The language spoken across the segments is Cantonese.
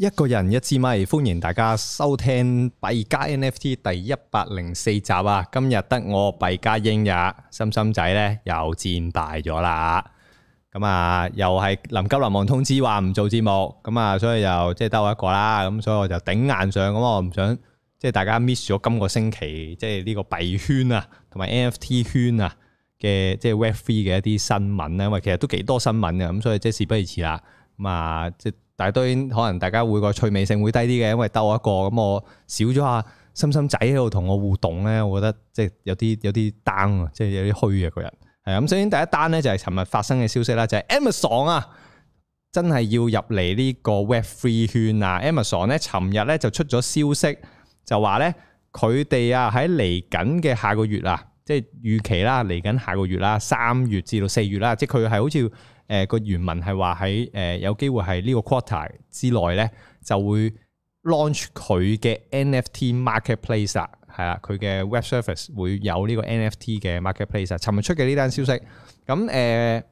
一個人一支咪，歡迎大家收聽幣加 NFT 第一百零四集啊！今日得我幣加英日，心心仔咧，又戰敗咗啦！咁、嗯、啊，又係臨急臨忙通知話唔做節目，咁、嗯、啊，所以又即係得我一個啦。咁、嗯、所以我就頂硬上咁、嗯、我唔想即係大家 miss 咗今個星期即係呢個幣圈啊，同埋 NFT 圈啊嘅即係 Web3 嘅一啲新聞咧，因為其實都幾多新聞嘅，咁、嗯、所以即係事不宜遲啦。咁、嗯、啊，即但係當然可能大家會個趣味性會低啲嘅，因為兜一個咁我少咗阿心心仔喺度同我互動咧，我覺得即係有啲有啲 down，即係有啲虛啊個人。係啊，咁首先第一單咧就係尋日發生嘅消息啦，就係 Amazon 啊，真係要入嚟呢個 Web Three 圈啊。Amazon 咧尋日咧就出咗消息，就話咧佢哋啊喺嚟緊嘅下個月啊，即係預期啦嚟緊下個月啦，三月至到四月啦，即係佢係好似。誒個、呃、原文係話喺誒有機會係呢個 quarter 之內咧，就會 launch 佢嘅 NFT marketplace 係啦，佢嘅 web service 會有呢個 NFT 嘅 marketplace。尋日出嘅呢單消息，咁、嗯、誒、呃、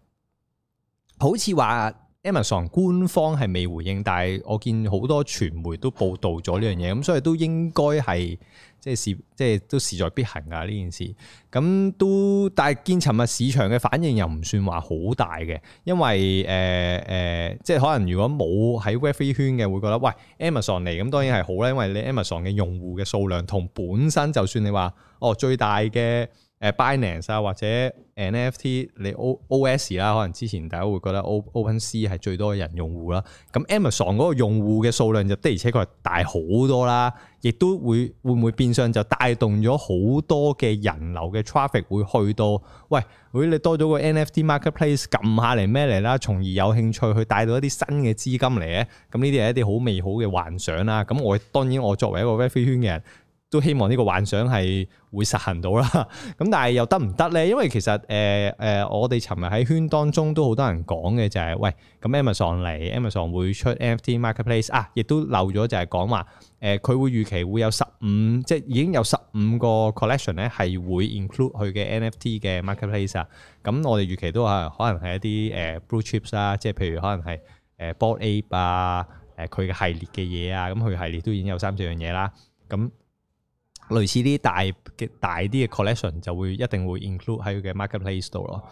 好似話 Amazon 官方係未回應，但係我見好多傳媒都報道咗呢樣嘢，咁所以都應該係。即係是事，即係都勢在必行啊！呢件事咁都，但係見尋日市場嘅反應又唔算話好大嘅，因為誒誒、呃呃，即係可能如果冇喺 Web3 圈嘅會覺得，喂，Amazon 嚟咁當然係好啦，因為你 Amazon 嘅用戶嘅數量同本身就算你話哦最大嘅。誒，Binance 啊，Bin ance，或者 NFT 你 OOS 啦，可能之前大家會覺得 OpenSea 係最多嘅人用戶啦。咁 Amazon 嗰個用戶嘅數量就的而且確係大好多啦，亦都會會唔會變相就帶動咗好多嘅人流嘅 traffic 會去到，喂，如果你多咗個 NFT marketplace 撳下嚟咩嚟啦，從而有興趣去帶到一啲新嘅資金嚟咧。咁呢啲係一啲好美好嘅幻想啦。咁我當然我作為一個 Web3 圈嘅人。都希望呢個幻想係會實行到啦，咁但係又得唔得咧？因為其實誒誒、呃呃，我哋尋日喺圈當中都好多人講嘅就係、是、喂，咁 Amazon 嚟，Amazon 會出 NFT marketplace 啊，亦都漏咗就係講話誒，佢、呃、會預期會有十五，即係已經有十五個 collection 咧係會 include 佢嘅 NFT 嘅 marketplace 啊。咁我哋預期都係可能係一啲誒、呃、blue chips 啦、啊，即係譬如可能係誒 Bored Ape 啊，誒佢嘅系列嘅嘢啊，咁佢系列都已經有三四樣嘢啦，咁、啊。嗯類似啲大嘅大啲嘅 collection 就會一定會 include 喺佢嘅 marketplace 度咯。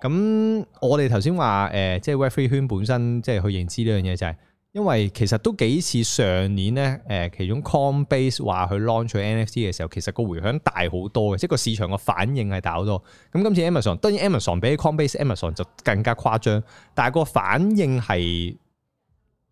咁我哋頭先話誒，即、呃、係、就是、Web3 圈本身即係去認知呢樣嘢就係、是，因為其實都幾似上年咧誒、呃，其中 Coinbase 話去 launch NFT 嘅時候，其實個回響大好多嘅，即係個市場個反應係大好多。咁今次 Amazon 當然 Amazon 比起 Coinbase，Amazon 就更加誇張，但係個反應係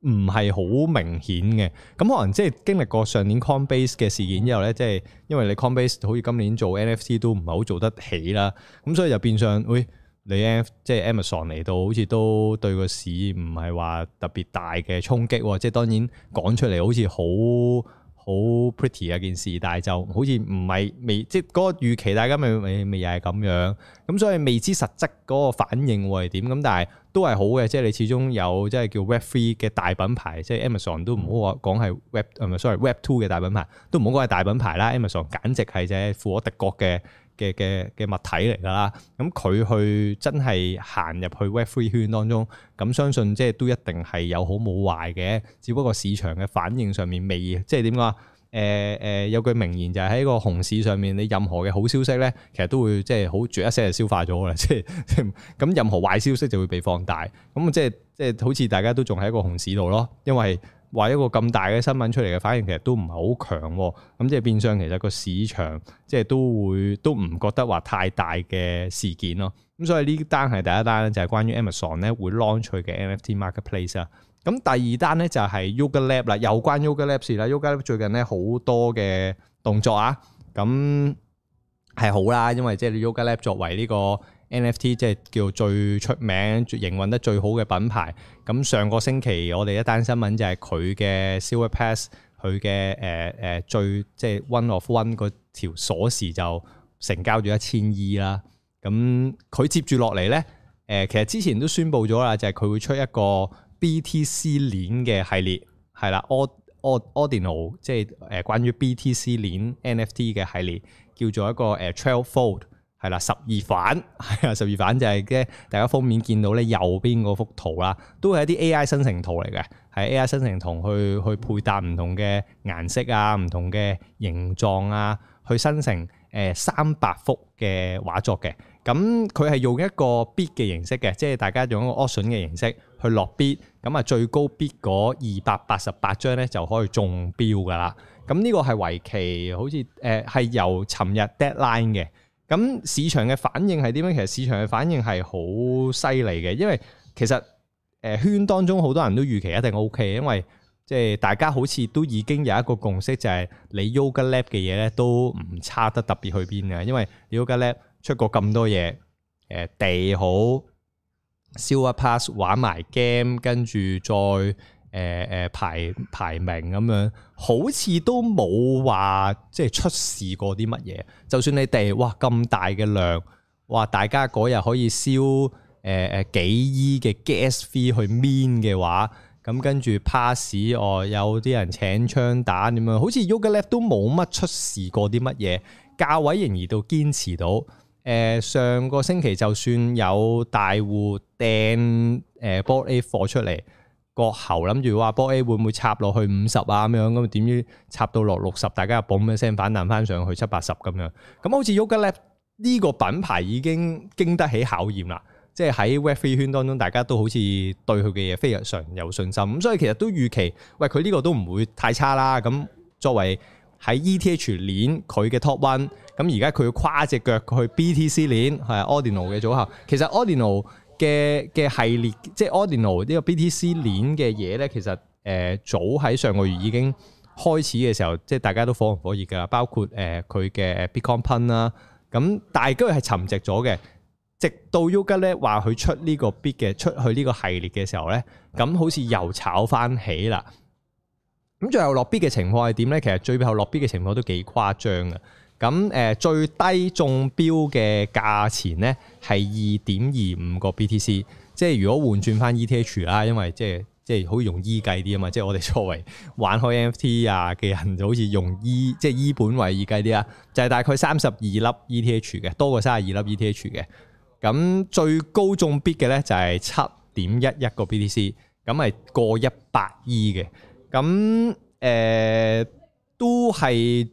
唔係好明顯嘅，咁可能即係經歷過上年 Coinbase 嘅事件之後咧，即係因為你 Coinbase 好似今年做 NFC 都唔係好做得起啦，咁所以就變相，喂、哎，你即係 Amazon 嚟到好似都對個市唔係話特別大嘅衝擊，即係當然講出嚟好似好。好 pretty 啊，件事，但係就好似唔係未即嗰個預期，大家咪咪咪又係咁樣，咁所以未知實質嗰個反應會係點？咁但係都係好嘅，即係你始終有即係叫 Web Three 嘅大品牌，即係 Amazon 都唔好話講係 Web，唔、啊、係 sorry Web Two 嘅大品牌，都唔好講係大品牌啦。Amazon 簡直係啫富可敵國嘅。嘅嘅嘅物體嚟㗎啦，咁佢去真係行入去 Web Three 圈當中，咁相信即係都一定係有好冇壞嘅，只不過市場嘅反應上面未，即係點講啊？誒、呃、誒、呃，有句名言就係喺個熊市上面，你任何嘅好消息咧，其實都會即係好絕一聲就消化咗㗎，即係咁 任何壞消息就會被放大，咁即係即係好似大家都仲喺一個熊市度咯，因為，話一個咁大嘅新聞出嚟嘅反應其實都唔係好強喎，咁即係變相其實個市場即係都會都唔覺得話太大嘅事件咯。咁所以呢單係第一單咧，就係關於 Amazon 咧會 launch 佢嘅 NFT marketplace 啊。咁第二單咧就係 Yuga Lab 啦，有關 Yuga Labs 啦。Yuga Labs 最近咧好多嘅動作啊，咁係好啦，因為即係 Yuga Lab 作為呢個。NFT 即係叫最出名、營運得最好嘅品牌。咁上個星期我哋一單新聞就係佢嘅 Sewer Pass，佢嘅誒誒最即係 One of One 嗰條鎖匙就成交咗一千二啦。咁佢接住落嚟咧，誒、呃、其實之前都宣布咗啦，就係佢會出一個 BTC 鏈嘅系列，係啦 Ordinal，即係誒關於 BTC 鏈 NFT 嘅系列，叫做一個誒 TwelveFold。係啦，十二反，係啊，十二反就係咧，大家封面見到咧右邊嗰幅圖啦，都係一啲 A.I. 生成圖嚟嘅，係 A.I. 生成圖去去配搭唔同嘅顏色啊，唔同嘅形狀啊，去生成誒三百幅嘅畫作嘅。咁佢係用一個 bid 嘅形式嘅，即係大家用一個 option 嘅形式去落 bid。咁啊，最高 bid 嗰二百八十八張咧就可以中標噶啦。咁呢個係為期，好似誒係由尋日 deadline 嘅。咁市場嘅反應係點樣？其實市場嘅反應係好犀利嘅，因為其實誒圈當中好多人都預期一定 OK，因為即係大家好似都已經有一個共識，就係你 Yuga Labs 嘅嘢咧都唔差得特別去邊嘅，因為 Yuga Labs 出過咁多嘢，誒地好，Sewer Pass 玩埋 game，跟住再。誒誒排排名咁樣，好似都冇話即係出事過啲乜嘢。就算你哋哇咁大嘅量，哇大家嗰日可以燒誒誒、呃、幾億嘅 gas fee 去 mint 嘅話，咁跟住 pass 哦，有啲人請槍打點樣？好似 Yuga Lab 都冇乜出事過啲乜嘢，價位仍然到堅持到。誒、呃、上個星期就算有大戶掟誒 Bored Ape 貨出嚟。個喉諗住哇，波 A 會唔會插落去五十啊咁樣咁，點知插到落六十，大家又 boom 一聲反彈翻上去七八十咁樣，咁好似 Yuga Lab 呢個品牌已經經得起考驗啦，即係喺 Web3 圈當中，大家都好似對佢嘅嘢非常有信心，咁所以其實都預期喂佢呢個都唔會太差啦。咁作為喺 ETH 鏈佢嘅 top one，咁而家佢要跨隻腳去 BTC 鏈係 Ordinal 嘅組合，其實 Ordinal 嘅嘅系列即係 ordinal 呢個 B T C 鏈嘅嘢咧，其實誒早喺上個月已經開始嘅時候，即係大家都火紅火熱噶，包括誒佢嘅 Bitcoin pun 啦，咁但係今日係沉寂咗嘅，直到 Yuga 咧話佢出呢個 bit 嘅出去呢個系列嘅時候咧，咁好似又炒翻起啦。咁最後落 b 嘅情況係點咧？其實最後落 b 嘅情況都幾誇張啊！咁誒最低中標嘅價錢咧係二點二五個 BTC，即係如果換轉翻 ETH 啦，因為即係即係好似用 E 計啲啊嘛，即係我哋作為玩開 NFT 啊嘅人，就好似用 E 即係 E 本位而計啲啊，就係、是、大概三十二粒 ETH 嘅，多過三十二粒 ETH 嘅。咁最高中 bid 嘅咧就係七點一一個 BTC，咁係過一百 E 嘅。咁誒、呃、都係，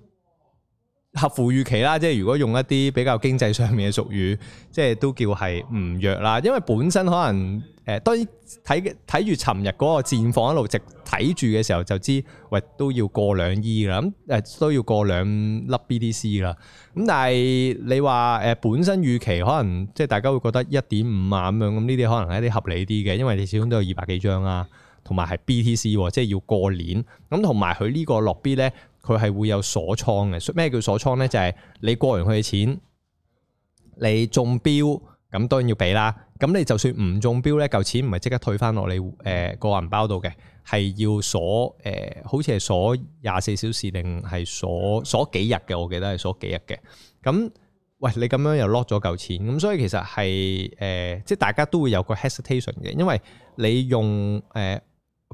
合乎預期啦，即係如果用一啲比較經濟上面嘅俗語，即係都叫係唔弱啦。因為本身可能誒，當然睇睇住尋日嗰個戰況一路直睇住嘅時候，就知喂都要過兩億、e、啦。咁、呃、誒都要過兩粒 BTC 啦。咁但係你話誒、呃、本身預期可能即係大家會覺得一點五萬咁樣，咁呢啲可能係一啲合理啲嘅，因為你始終都有二百幾張啊，同埋係 BTC、啊、即係要過年咁，同埋佢呢個落 B 咧。佢係會有鎖倉嘅，咩叫鎖倉咧？就係、是、你過完佢嘅錢，你中標咁當然要俾啦。咁你就算唔中標咧，嚿錢唔係即刻退翻落你誒個銀包度嘅，係要鎖誒、呃，好似係鎖廿四小時定係鎖鎖幾日嘅？我記得係鎖幾日嘅。咁喂，你咁樣又 lock 咗嚿錢，咁所以其實係誒、呃，即係大家都會有個 hesitation 嘅，因為你用誒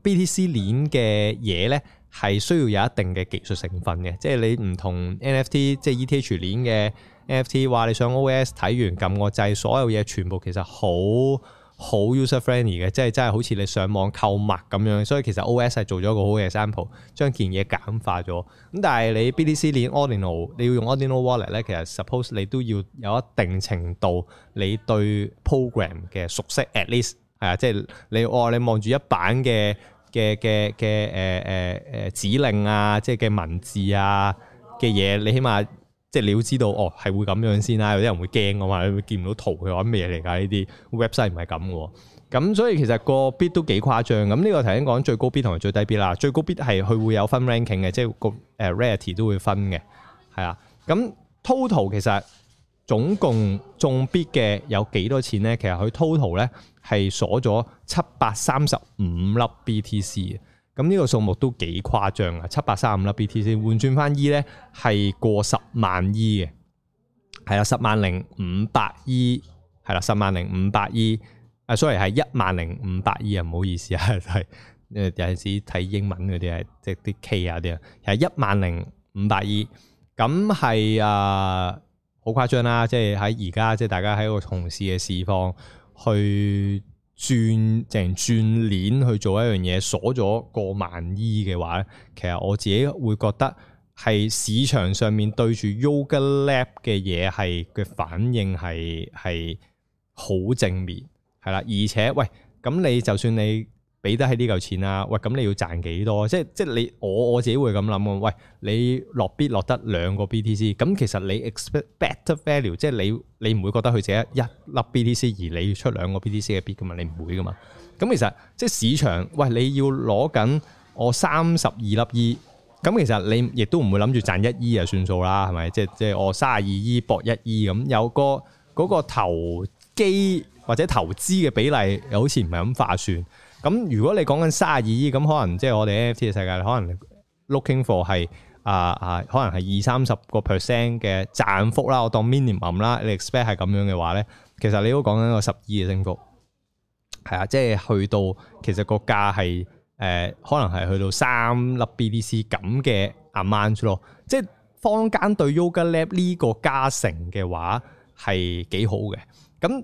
BTC 鏈嘅嘢咧。呃係需要有一定嘅技術成分嘅，即係你唔同 NFT，即係 ETH 鏈嘅 NFT，話你上 OS 睇完撳個掣就係所有嘢全部其實好好 user friendly 嘅，即係真係好似你上網購物咁樣。所以其實 OS 係做咗個好嘅 sample，將件嘢簡化咗。咁但係你 BTC 鏈 ordinal 你要用 ordinal Wallet 咧，其實 suppose 你都要有一定程度你對 program 嘅熟悉，at least 係啊，即係你哦，你望住一版嘅。嘅嘅嘅誒誒誒指令啊，即係嘅文字啊嘅嘢，你起碼即係你要知道哦，係會咁樣先啦。有啲人會驚嘅嘛，你會見唔到圖，佢話咩嚟㗎？呢啲 website 唔係咁嘅，咁所以其實個 bid 都幾誇張。咁呢個頭先講最高 bid 同埋最低 bid 啦，最高 bid 係佢會有分 ranking 嘅，即係個誒 rarity 都會分嘅，係啊。咁 total 其實總共中 bid 嘅有幾多錢咧？其實佢 total 咧。係鎖咗七百三十五粒 BTC 嘅，咁呢個數目都幾誇張啊！七百三十五粒 BTC 換轉翻 E 咧，係過十萬 E 嘅，係啊十萬零五百 E，係啦十萬零五百 E，啊 sorry 係一萬零五百 E 啊，唔好意思啊，係誒有陣時睇英文嗰啲係即係啲 K 啊啲啊，係一萬零五百 E，咁係啊好誇張啦！即係喺而家即係大家喺個同時嘅市況。.去轉，淨轉鏈去做一樣嘢，鎖咗過萬 E 嘅話咧，其實我自己會覺得係市場上面對住 Yuga Lab 嘅嘢係嘅反應係係好正面，係啦，而且喂，咁你就算你。俾得起呢嚿錢啊！喂，咁你要賺幾多？即係即係你我我自己會咁諗啊！喂，你落必落得兩個 BTC，咁其實你 expect better value，即係你你唔會覺得佢淨係一粒 BTC，而你要出兩個 BTC 嘅必噶嘛？你唔會噶嘛？咁其實即係市場，喂，你要攞緊我三十二粒 E，咁其實你亦都唔會諗住賺一 E 就算數啦，係咪？即係即係我三十二 E 搏一 E 咁，有個嗰、嗰個投機或者投資嘅比例又好似唔係咁化算。咁如果你講緊卅二，咁可能即係我哋 NFT 嘅世界，可能 looking for 係啊啊，可能係二三十個 percent 嘅賺幅啦，我當 minimum 啦，你 expect 係咁樣嘅話咧，其實你都講緊個十二嘅升幅，係啊，即係去到其實個價係誒，可能係去到三粒 BTC 咁嘅 amount 咯，即係坊間對 Yugalab 呢個加成嘅話係幾好嘅，咁。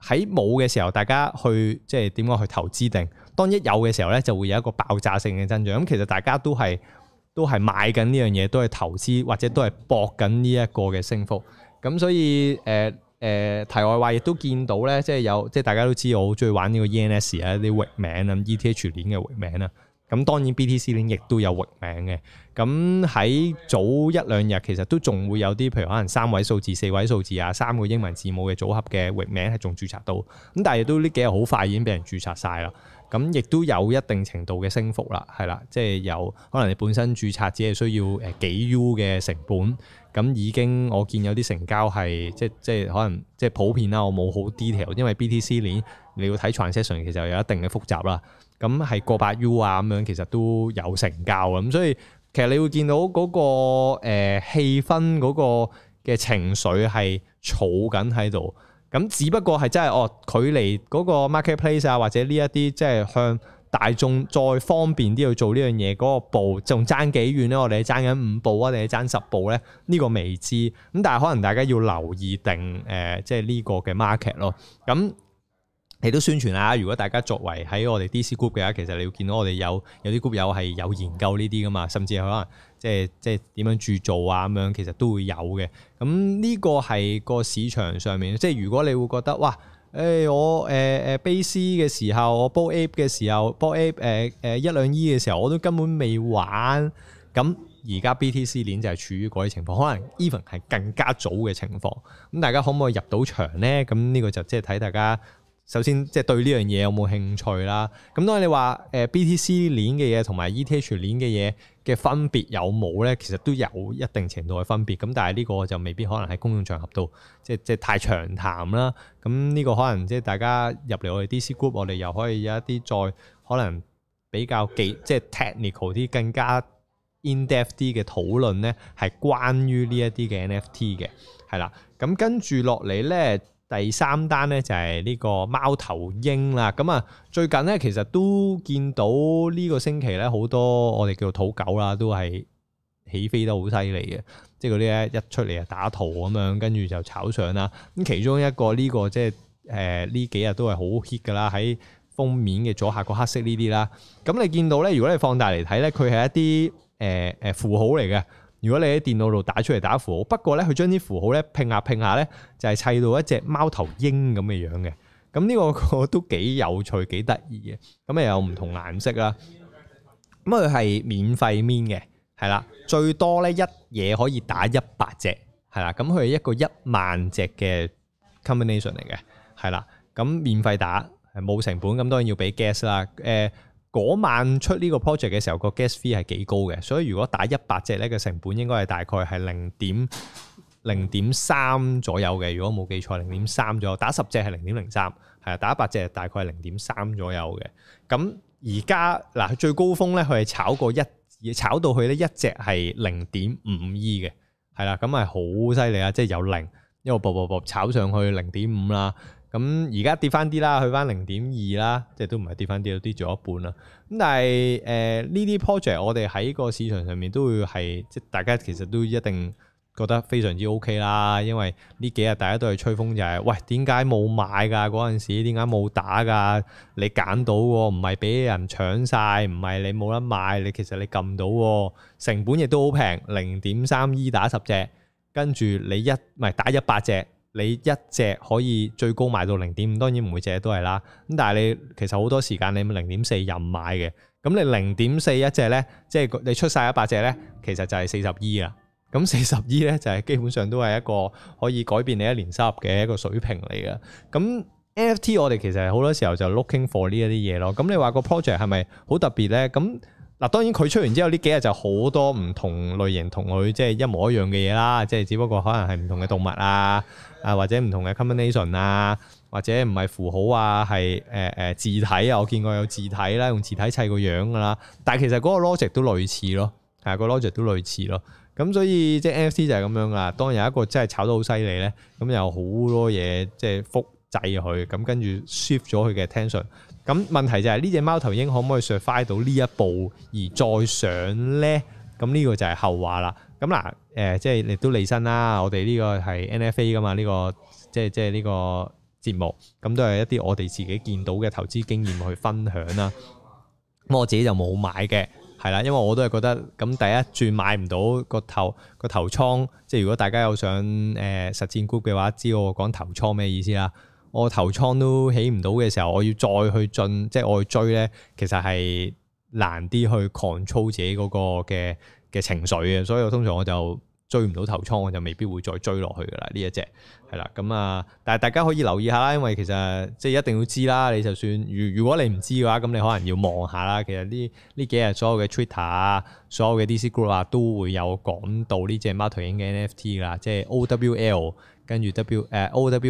喺冇嘅時候，大家去即係點講去投資定？當一有嘅時候咧，就會有一個爆炸性嘅增長。咁其實大家都係都係買緊呢樣嘢，都係投資或者都係搏緊呢一個嘅升幅。咁所以誒誒、呃呃、題外話亦都見到咧，即係有即係大家都知，我好中意玩呢個 ENS 啊啲域名啊 ETH 鏈嘅域名啊。咁當然 BTC 鏈亦都有域名嘅。咁喺早一兩日，其實都仲會有啲，譬如可能三位數字、四位數字啊，三個英文字母嘅組合嘅域名係仲註冊到。咁但係都呢幾日好快已經俾人註冊晒啦。咁亦都有一定程度嘅升幅啦，係啦，即係有可能你本身註冊只係需要誒幾 U 嘅成本，咁已經我見有啲成交係即即係可能即係普遍啦。我冇好 detail，因為 BTC 鏈你要睇 transaction 其實有一定嘅複雜啦。咁係過百 U 啊咁樣，其實都有成交咁，所以。其實你會見到嗰、嗰個誒、呃、氣氛嗰個嘅情緒係儲緊喺度，咁只不過係真係哦，距離嗰個 marketplace 啊，或者呢一啲即係向大眾再方便啲去做呢樣嘢嗰個步，仲爭幾遠咧？我哋係爭緊五步啊，定係爭十步咧？呢、呢個未知，咁但係可能大家要留意定誒，即係呢個嘅 market 咯，咁。你都宣傳啦，如果大家作為喺我哋 D C Group 嘅話，其實你要見到我哋有有啲 group 友係有研究呢啲噶嘛，甚至可能、就是、即係即係點樣鑄造啊咁樣，其實都會有嘅。咁、嗯、呢、這個係個市場上面，即係如果你會覺得哇，誒、欸、我 base 嘅、呃呃、時候，我煲 A 嘅時候，煲 A 誒誒一兩 E 嘅時候，我都根本未玩。咁而家 B T C 鏈就係處於嗰啲情況，可能 even 係更加早嘅情況。咁大家可唔可以入到場咧？咁、嗯、呢、這個就即係睇大家。首先，即係對呢樣嘢有冇興趣啦。咁當然你話誒、呃、B T C 鏈嘅嘢同埋 E T H 鏈嘅嘢嘅分別有冇咧？其實都有一定程度嘅分別。咁但係呢個就未必可能喺公共場合度，即係即係太長談啦。咁呢個可能即係大家入嚟我哋 DC Group，我哋又可以有一啲再可能比較技即係 technical 啲、更加 in depth 啲嘅討論咧，係關於呢一啲嘅 N F T 嘅，係啦。咁跟住落嚟咧。第三單咧就係呢個貓頭鷹啦，咁啊最近咧其實都見到呢個星期咧好多我哋叫土狗啦，都係起飛得好犀利嘅，即係嗰啲一出嚟就打圖咁樣，跟住就炒上啦。咁其中一個呢個即係誒呢幾日都係好 hit 噶啦，喺封面嘅左下角黑色呢啲啦。咁你見到咧，如果你放大嚟睇咧，佢係一啲誒誒符號嚟嘅。如果你喺電腦度打出嚟打符號，不過咧佢將啲符號咧拼下拼下咧就係砌到一隻貓頭鷹咁嘅樣嘅，咁呢個個都幾有趣幾得意嘅，咁啊有唔同顏色啦，咁佢係免費 mint 嘅，係啦，最多咧一嘢可以打一百隻，係啦，咁佢係一個一萬隻嘅 combination 嚟嘅，係啦，咁免費打係冇成本，咁當然要俾 gas 啦，誒。嗰晚出呢個 project 嘅時候，個 gas fee 係幾高嘅，所以如果打一百隻咧，個成本應該係大概係零點零點三左右嘅。如果冇記錯，零點三左右，打十隻係零點零三，係啊，打一百隻大概零點三左右嘅。咁而家嗱，最高峰咧，佢係炒過一炒到去咧一隻係零點五 E 嘅，係啦，咁係好犀利啊！即係有零，因為啵啵啵炒上去零點五啦。咁而家跌翻啲啦，去翻零點二啦，即係都唔係跌翻啲，跌咗一半啦。咁但係誒呢啲 project，我哋喺個市場上面都會係即大家其實都一定覺得非常之 OK 啦，因為呢幾日大家都係吹風就係、是，喂點解冇買㗎？嗰陣時點解冇打㗎？你揀到喎，唔係俾人搶晒，唔係你冇得買，你其實你撳到喎，成本亦都好平，零點三 E 打十隻，跟住你一唔係打一百隻。你一隻可以最高賣到零點五，當然唔會隻隻都係啦。咁但係你其實好多時間你零點四任買嘅，咁你零點四一隻咧，即係你出曬一百隻咧，其實就係四十二啦。咁四十二咧就係基本上都係一個可以改變你一年收入嘅一個水平嚟嘅。咁 NFT 我哋其實好多時候就 looking for 呢一啲嘢咯。咁你話個 project 係咪好特別咧？咁嗱，當然佢出完之後，呢幾日就好多唔同類型同佢即係一模一樣嘅嘢啦，即係只不過可能係唔同嘅動物啊，啊或者唔同嘅 combination 啊，或者唔係符號啊，係誒誒字體啊，我見過有字體啦，用字體砌個樣㗎啦。但係其實嗰個 logic 都類似咯，係個 logic 都類似咯。咁所以即係 NFT 就係咁樣啊。當有一個真係炒得好犀利咧，咁有好多嘢即係複製佢，咁跟住 shift 咗佢嘅 attention。咁問題就係呢隻貓頭鷹可唔可以 survive 到呢一步而再上咧？咁呢個就係後話啦。咁嗱，誒、呃、即係亦都離身啦。我哋呢個係 NFA 噶嘛，呢、呢個即係即係呢個節目。咁都係一啲我哋自己見到嘅投資經驗去分享啦。咁我自己就冇買嘅，係啦，因為我都係覺得咁第一轉買唔到、個頭、個頭倉。即係如果大家有想誒、呃、實戰股嘅話，知道我講頭倉咩意思啦。我頭倉都起唔到嘅時候，我要再去進，即係我去追咧，其實係難啲去 control 自己嗰個嘅嘅情緒嘅，所以我通常我就追唔到頭倉，我就未必會再追落去噶啦。呢一隻係啦，咁啊，但係大家可以留意下啦，因為其實即係一定要知啦。你就算如如果你唔知嘅話，咁你可能要望下啦。其實呢呢幾日所有嘅 Twitter 啊，所有嘅 DC Group 啊，都會有講到呢隻貓頭鷹嘅 NFT 啦，即係 OWL 跟住 W 誒、呃、OWLS。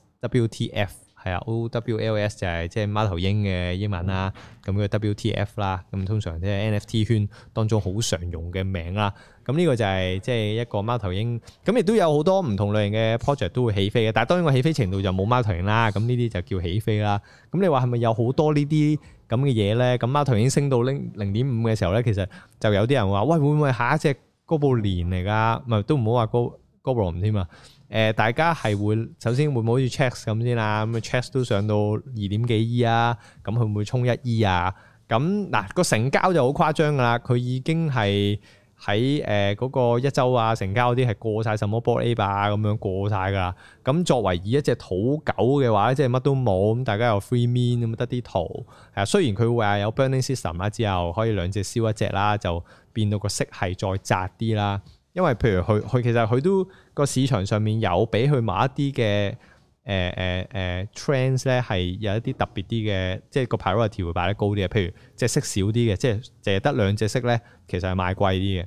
OW LS, WTF 係啊，O W L S 就係即係貓頭鷹嘅英文啦，咁嗰個 WTF 啦，咁通常即係 NFT 圈當中好常用嘅名啦。咁呢個就係即係一個貓頭鷹，咁亦都有好多唔同類型嘅 project 都會起飛嘅。但係當然個起飛程度就冇貓頭鷹啦。咁呢啲就叫起飛啦。咁你話係咪有好多呢啲咁嘅嘢咧？咁貓頭鷹升到零零點五嘅時候咧，其實就有啲人話：喂，會唔會下一隻 Goblin 嚟㗎？唔係都唔好話 G Goblin 添啊！誒，大家係會首先會唔會好似 Checks 咁先啦？咁 Checks 都上到二點幾 E 啊，咁佢會唔會沖一 E 啊？咁嗱個成交就好誇張噶啦，佢已經係喺誒嗰個一週啊成交啲係過曬什麼波 A 吧，咁樣過曬噶啦。咁作為以一隻土狗嘅話，即係乜都冇，咁大家又 free mean 咁得啲圖。係啊，雖然佢會話有 burning system 啦，之後可以兩隻燒一隻啦，就變到個色係再窄啲啦。因為譬如佢佢其實佢都個市場上面有俾佢買一啲嘅誒，誒、呃，誒、呃、trends 咧係有一啲特別啲嘅，即係個 priority 會擺得高啲嘅。譬如即係色少啲嘅，即係淨係得兩隻色咧，其實係賣貴啲嘅。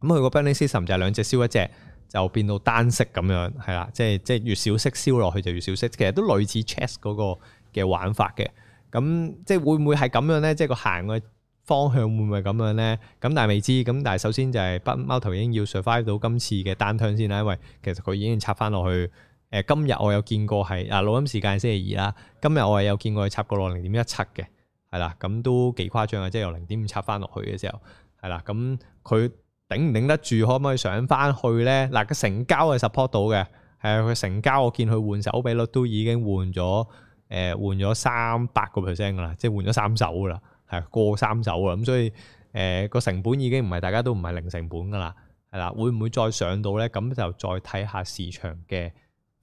咁佢個 burning system 就係兩隻燒一隻，就變到單色咁樣係啦。即係即係越少色燒落去就越少色，其實都類似 chess 嗰個嘅玩法嘅。咁即係會唔會係咁樣咧？即係個行嘅。方向會唔會咁樣咧？咁但係未知。咁但係首先就係北貓頭鷹要 survive 到今次嘅單向先啦，因為其實佢已經插翻落去。誒、呃、今日我有見過係啊，錄音時間係星期二啦。今日我係有見過佢插過落零點一七嘅，係啦。咁都幾誇張嘅，即係由零點五插翻落去嘅時候，係啦。咁、嗯、佢頂唔頂得住，可唔可以上翻去咧？嗱、啊，佢成交係 support 到嘅，係啊。佢成交我見佢換手比率都已經換咗誒、呃、換咗三百個 percent 嘅啦，即係換咗三手嘅啦。係過三手啦，咁所以誒個成本已經唔係，大家都唔係零成本噶啦，係啦，會唔會再上到咧？咁就再睇下市場嘅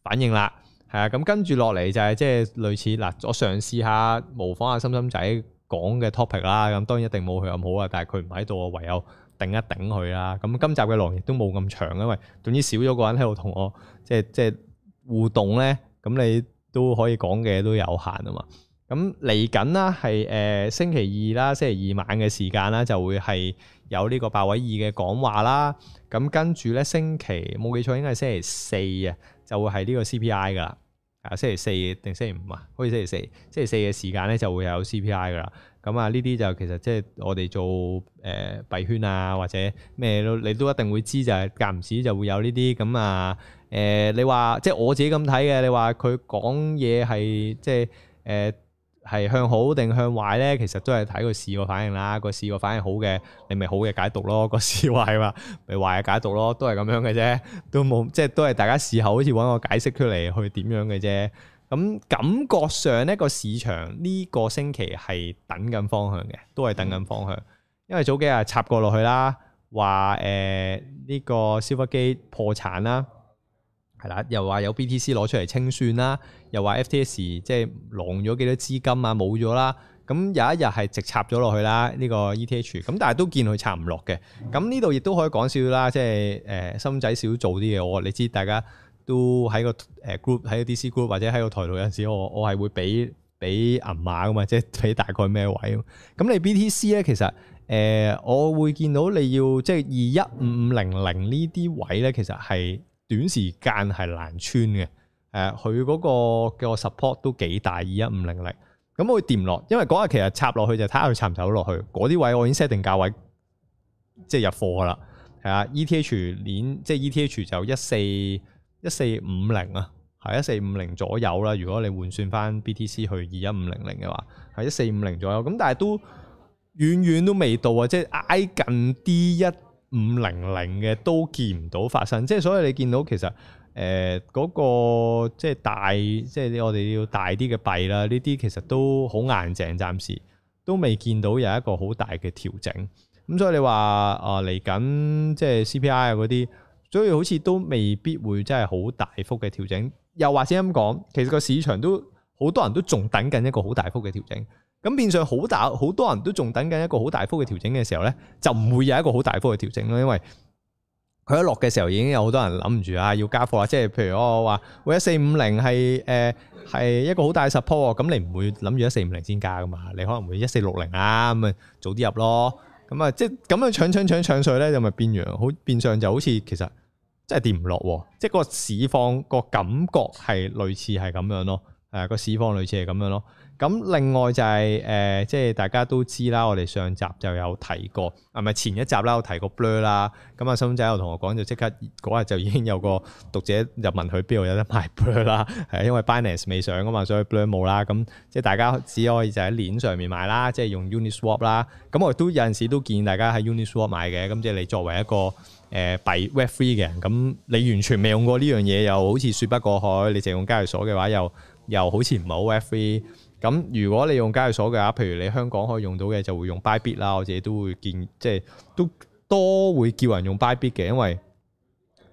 反應啦。係啊，咁跟住落嚟就係即係類似嗱，我嘗試下模仿下心心仔講嘅 topic 啦。咁當然一定冇佢咁好啊，但係佢唔喺度，我唯有頂一頂佢啦。咁今集嘅內容亦都冇咁長，因為總之少咗個人喺度同我即係即係互動咧，咁你都可以講嘅都有限啊嘛。咁嚟緊啦，係誒、呃、星期二啦，星期二晚嘅時間啦，就會係有呢個鮑威爾嘅講話啦。咁、嗯、跟住咧，星期冇記錯應該係星期四啊，就會係呢個 CPI 噶啦。啊，星期四定星期五啊？好似星期四，星期四嘅時間咧就會有 CPI 噶啦。咁、嗯、啊，呢啲就其實即係我哋做誒幣、呃、圈啊，或者咩都你都一定會知、就是，就係間唔時就會有呢啲咁啊。誒、呃，你話即係我自己咁睇嘅，你說說話佢講嘢係即係誒。呃呃係向好定向壞咧？其實都係睇個市個反應啦。個市個反應好嘅，你咪好嘅解讀咯；個市壞話，咪壞嘅解讀咯。都係咁樣嘅啫，都冇即係都係大家事後好似揾個解釋出嚟去點樣嘅啫。咁、嗯、感覺上呢個市場呢個星期係等緊方向嘅，都係等緊方向。因為早幾日插過落去啦，話誒呢個 Silvergate 破產啦。係啦，又話有 BTC 攞出嚟清算啦，又話 FTS 即係浪咗幾多資金啊，冇咗啦。咁有一日係直插咗落去啦，呢、呢個 ETH。咁但係都見佢插唔落嘅。咁呢度亦都可以講笑啦，即係誒、呃、心仔少做啲嘢。我你知大家都喺個誒 group，喺個 DC group 或者喺個台度有陣時，我我係會俾俾銀碼㗎嘛，即係俾大概咩位。咁你 BTC 咧，其實誒、呃，我會見到你要即係二一五五零零呢啲位咧，其實係。短時間係難穿嘅，誒、呃，佢嗰個嘅 support 都幾大二一五零零，咁我跌唔落，因為嗰日其實插落去就睇下佢插唔插到落去。嗰啲位我已經 set 定價位，即、就、係、是、入貨啦，係、呃、啊，ETH 鏈即係 ETH 就一四一四五零啊，係一四五零左右啦。如果你換算翻 BTC 去二一五零零嘅話，係一四五零左右。咁、嗯、但係都遠遠都未到啊，即、就、係、是、挨近 D 一。五零零嘅都見唔到發生，即係所以你見到其實誒嗰、呃那個即係大，即、就、係、是、我哋要大啲嘅幣啦，呢啲其實都好硬淨，暫時都未見到有一個好大嘅調整。咁、嗯、所以你話、呃、啊嚟緊即係 CPI 啊嗰啲，所以好似都未必會真係好大幅嘅調整。又或者咁講，其實個市場都好多人都仲等緊一個好大幅嘅調整。咁變相好大，好多人都仲等緊一個好大幅嘅調整嘅時候咧，就唔會有一個好大幅嘅調整咯。因為佢一落嘅時候已經有好多人諗住啊，要加貨啦。即係譬如我話，喂一四五零係誒係一個好大嘅 support，咁你唔會諗住一四五零先加噶嘛？你可能會一四六零啊咁啊，早啲入咯。咁啊，即係咁樣搶搶搶搶上去咧，就咪變樣，好變相就好似其實真係跌唔落喎。即係嗰個市況個感覺係類似係咁樣咯。誒、啊，個市況類似係咁樣咯。咁另外就係、是、誒、呃，即係大家都知啦，我哋上集就有提過，係咪？前一集啦，有提過 Blur 啦。咁啊，心仔有同我講，就即刻嗰日就已經有個讀者入問佢邊度有得買 Blur 啦。誒，因為 Binance 未上啊嘛，所以 Blur 冇啦。咁即係大家只可以就喺鏈上面買啦，即係用 Uniswap 啦。咁我都有陣時都建議大家喺 Uniswap 買嘅。咁即係你作為一個誒幣 Web3 嘅人，咁你完全未用過呢樣嘢，又好似説不過海。你淨用交易所嘅話又，又又好似唔好 Web3 咁如果你用交易所嘅話，譬如你香港可以用到嘅，就會用 Bybit 啦。我自己都會建議，即、就、係、是、都多會叫人用 Bybit 嘅，因為誒、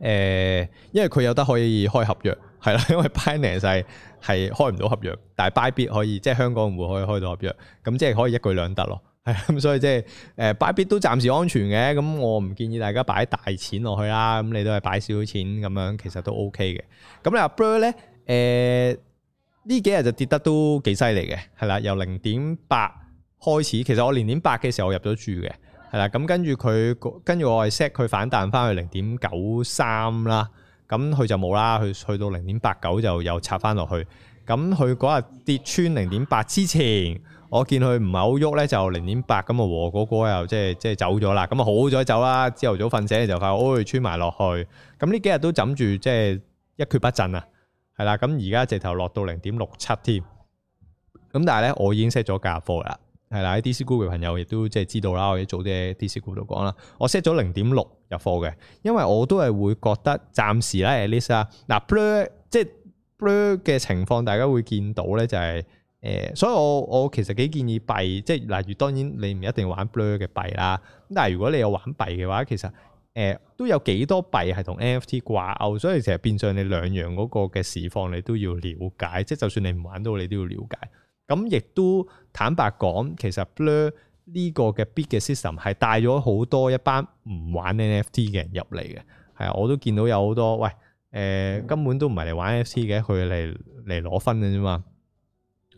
呃，因為佢有得可以開合約，係啦，因為 Binance 係係開唔到合約，但係 Bybit 可以，即係香港唔會可以開到合約，咁即係可以一舉兩得咯。係咁，所以即係誒 Bybit 都暫時安全嘅。咁我唔建議大家擺大錢落去啦。咁你都係擺少少錢咁樣，其實都 OK 嘅。咁你話 Bro 咧誒？呃呢幾日就跌得都幾犀利嘅，係啦，由零點八開始。其實我零點八嘅時候我入咗注嘅，係啦。咁跟住佢，跟住我係 set 佢反彈翻去零點九三啦。咁佢就冇啦，佢去到零點八九就又插翻落去。咁佢嗰日跌穿零點八之前，我見佢唔係好喐咧，就零點八咁啊，哥哥又即係即係走咗啦。咁啊好咗走啦，朝頭早瞓醒就快好去穿埋落去。咁呢幾日都枕住即係、就是、一蹶不振啊！係啦，咁而家直頭落到零點六七添，咁但係咧，我已經 set 咗價貨啦。係啦，啲 DC Group 嘅朋友亦都即係知道啦，我喺早啲 DC Group 度講啦，我 set 咗零點六入貨嘅，因為我都係會覺得暫時咧 at least 啊，嗱 blur 即係 blur 嘅情況，大家會見到咧就係、是、誒、呃，所以我我其實幾建議幣，即、就、係、是、例如當然你唔一定玩 blur 嘅幣啦，咁但係如果你有玩幣嘅話，其實。誒都有幾多幣係同 NFT 掛鈎，所以其實變相你兩樣嗰個嘅市況你都要了解，即、就係、就算你唔玩到你都要了解。咁亦都坦白講，其實 Blur 呢個嘅 Big 嘅 System 係帶咗好多一班唔玩 NFT 嘅人入嚟嘅，係啊，我都見到有好多喂誒、呃、根本都唔係嚟玩 NFT 嘅，佢嚟嚟攞分嘅啫嘛，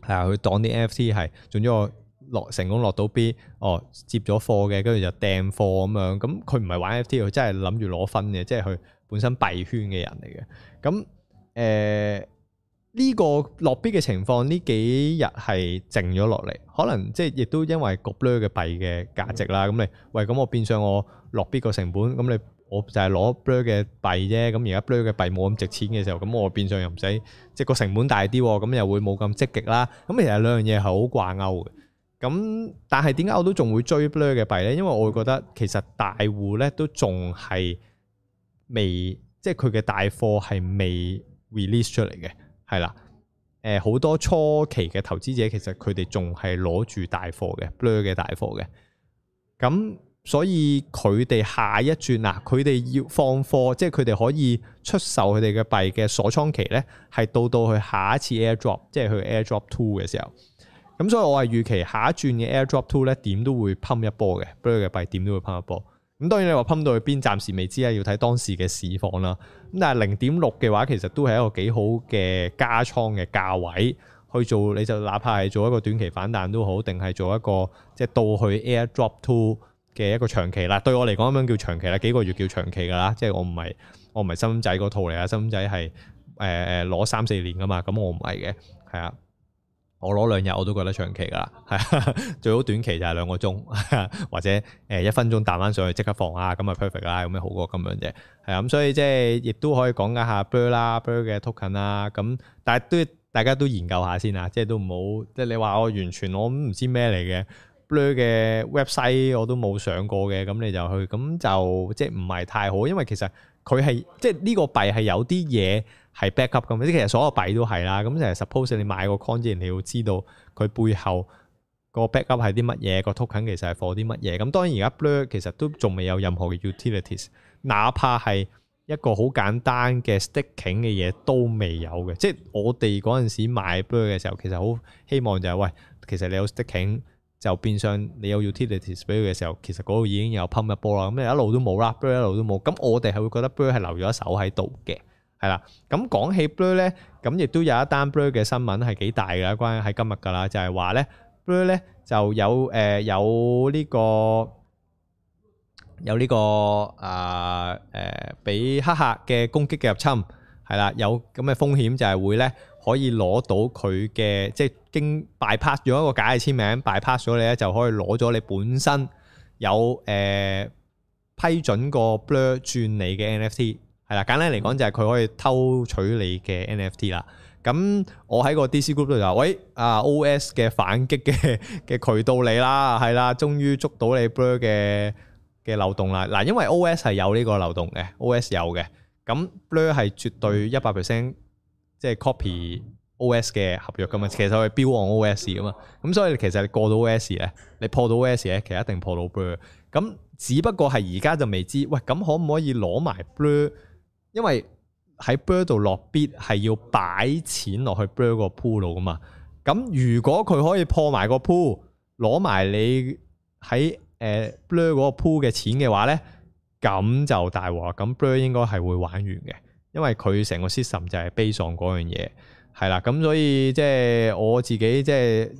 係啊，佢當啲 NFT 係仲要。落成功落到 B，哦接咗貨嘅，跟住就訂貨咁樣，咁佢唔係玩 FT，佢真係諗住攞分嘅，即係佢本身幣圈嘅人嚟嘅。咁誒呢個落 B 嘅情況，呢幾日係靜咗落嚟，可能即係亦都因為 Blur 嘅幣嘅價值啦。咁、嗯、你喂咁我變相我落 B 個成本，咁你我就係攞 Blur 嘅幣啫。咁而家 Blur 嘅幣冇咁值錢嘅時候，咁我變相又唔使即係個成本大啲，咁又會冇咁積極啦。咁其實兩樣嘢係好掛鈎嘅。咁，但係點解我都仲會追 Blur 嘅幣咧？因為我會覺得其實大戶咧都仲係未，即係佢嘅大貨係未 release 出嚟嘅，係啦。誒，好多初期嘅投資者其實佢哋仲係攞住大貨嘅 Blur 嘅大貨嘅。咁所以佢哋下一轉嗱，佢哋要放貨，即係佢哋可以出售佢哋嘅幣嘅鎖倉期咧，係到到去下一次 air drop，即係去 air drop two 嘅時候。咁所以我係預期下一轉嘅 Air Drop Two 咧點都會噴一波嘅，不過佢嘅幣點都會噴一波。咁當然你話噴到去邊，暫時未知啊，要睇當時嘅市況啦。咁但係零點六嘅話，其實都係一個幾好嘅加倉嘅價位去做，你就哪怕係做一個短期反彈都好，定係做一個即係、就是、到去 Air Drop Two 嘅一個長期啦。對我嚟講咁樣叫長期啦，幾個月叫長期㗎啦。即係我唔係我唔係深仔嗰套嚟啊，深仔係誒誒攞三四年㗎嘛，咁我唔係嘅，係啊。我攞兩日我都覺得長期噶啦，係啊，最好短期就係兩個鐘， 或者誒一分鐘彈翻上去即刻放啊，咁啊 perfect 啦，有咩好過咁樣啫？係啊，咁所以即係亦都可以講一下 blur 啦 blur 嘅 token 啦。咁但係都大家都研究下先啊，即係都唔好即係你話我完全我唔知咩嚟嘅 blur 嘅 website 我都冇上過嘅，咁你就去，咁就即係唔係太好，因為其實佢係即係呢個幣係有啲嘢。係 back up 咁，即係其實所有幣都係啦。咁其實 suppose 你買個 coin 之前，你要知道佢背後個 back up 係啲乜嘢，個 token 其實係 for 啲乜嘢。咁當然而家 blur 其實都仲未有任何嘅 utilities，哪怕係一個好簡單嘅 staking 嘅嘢都未有嘅。即係我哋嗰陣時買 blur 嘅時候，其實好希望就係喂，其實你有 staking 就變相你有 utilities 俾佢嘅時候，其實嗰度已經有 pump 一波啦。咁你一路都冇啦，blur 一路都冇。咁我哋係會覺得 blur 係留咗一手喺度嘅。係啦，咁講起 Blur 咧，咁亦都有一單 Blur 嘅新聞係幾大㗎啦，關於喺今日㗎啦，就係話咧 Blur 咧就有誒有呢個有呢個啊誒俾黑客嘅攻擊嘅入侵係啦，有咁嘅風險就係會咧可以攞到佢嘅即係經 bypass 咗一個假嘅簽名 bypass 咗你咧就可以攞咗你本身有誒批准個 Blur 轉你嘅 NFT。係啦，簡單嚟講就係佢可以偷取你嘅 NFT 啦。咁我喺個 DC Group 度就話，喂，啊 OS 嘅反擊嘅嘅渠道嚟啦，係啦，終於捉到你 Blur 嘅嘅漏洞啦。嗱，因為 OS 係有呢個漏洞嘅，OS 有嘅。咁 Blur 係絕對一百 percent 即係 copy OS 嘅合約噶嘛，其實佢標 on OS 噶嘛。咁所以其實你過到 OS 咧，你破到 OS 咧，其實一定破到 Blur。咁只不過係而家就未知，喂，咁可唔可以攞埋 Blur？因為喺 Blur 度落 bid 係要擺錢落去 Blur 個 pool 噶嘛，咁如果佢可以破埋個 pool，攞埋你喺誒 Blur 嗰個 pool 嘅錢嘅話咧，咁就大鑊，咁 Blur 應該係會玩完嘅，因為佢成個 system 就係 based on 嗰樣嘢，係啦，咁所以即係我自己即係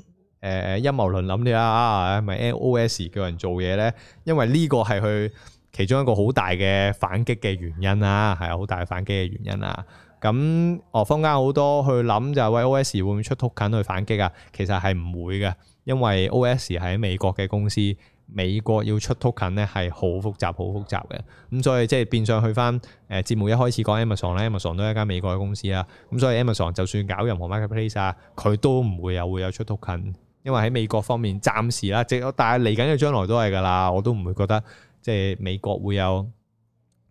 誒陰謀論諗啲啦，啊咪 los 叫人做嘢咧，因為呢個係去。其中一個好大嘅反擊嘅原因啦，係好大反擊嘅原因啦。咁我坊間好多去諗就係、是、喂 OS 會唔會出 token 去反擊啊？其實係唔會嘅，因為 OS 喺美國嘅公司，美國要出 token 咧係好複雜，好複雜嘅。咁所以即係變相去返誒、呃、節目一開始講 Amazon 咧，Amazon 都係間美國嘅公司啊。咁所以 Amazon 就算搞任何 marketplace 啊，佢都唔會有會有出 token，因為喺美國方面暫時啦，即但係嚟緊嘅將來都係㗎喇，我都唔會覺得。即係美國會有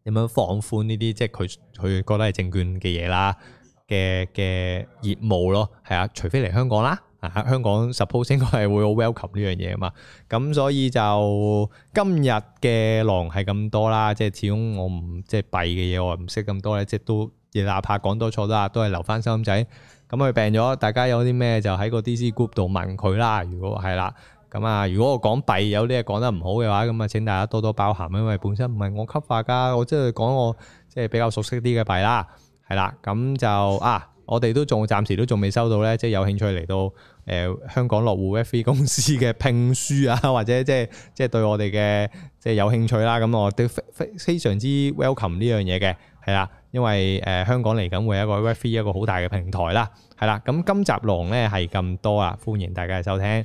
點樣放寬呢啲，即係佢佢覺得係證券嘅嘢啦，嘅嘅業務咯，係啊，除非嚟香港啦，啊香港 suppose 應該係會好 welcome 呢樣嘢啊嘛，咁所以就今日嘅狼係咁多啦，即係始終我唔即係幣嘅嘢，我唔識咁多咧，即係都，亦哪怕講多錯啦，都係留翻心仔。咁佢病咗，大家有啲咩就喺個 DC Group 度問佢啦，如果係啦。咁啊，如果我講幣有啲嘢講得唔好嘅話，咁啊，請大家多多包涵，因為本身唔係我給發噶，我即係講我即係比較熟悉啲嘅幣啦，係啦。咁就啊，我哋都仲暫時都仲未收到咧，即係有興趣嚟到誒香港落戶 Web3 公司嘅聘書啊，或者即係即係對我哋嘅即係有興趣啦。咁我都非非常之 welcome 呢樣嘢嘅，係啦，因為誒香港嚟緊會有一個 Web3 一個好大嘅平台啦，係啦。咁今集狼咧係咁多啊，歡迎大家收聽。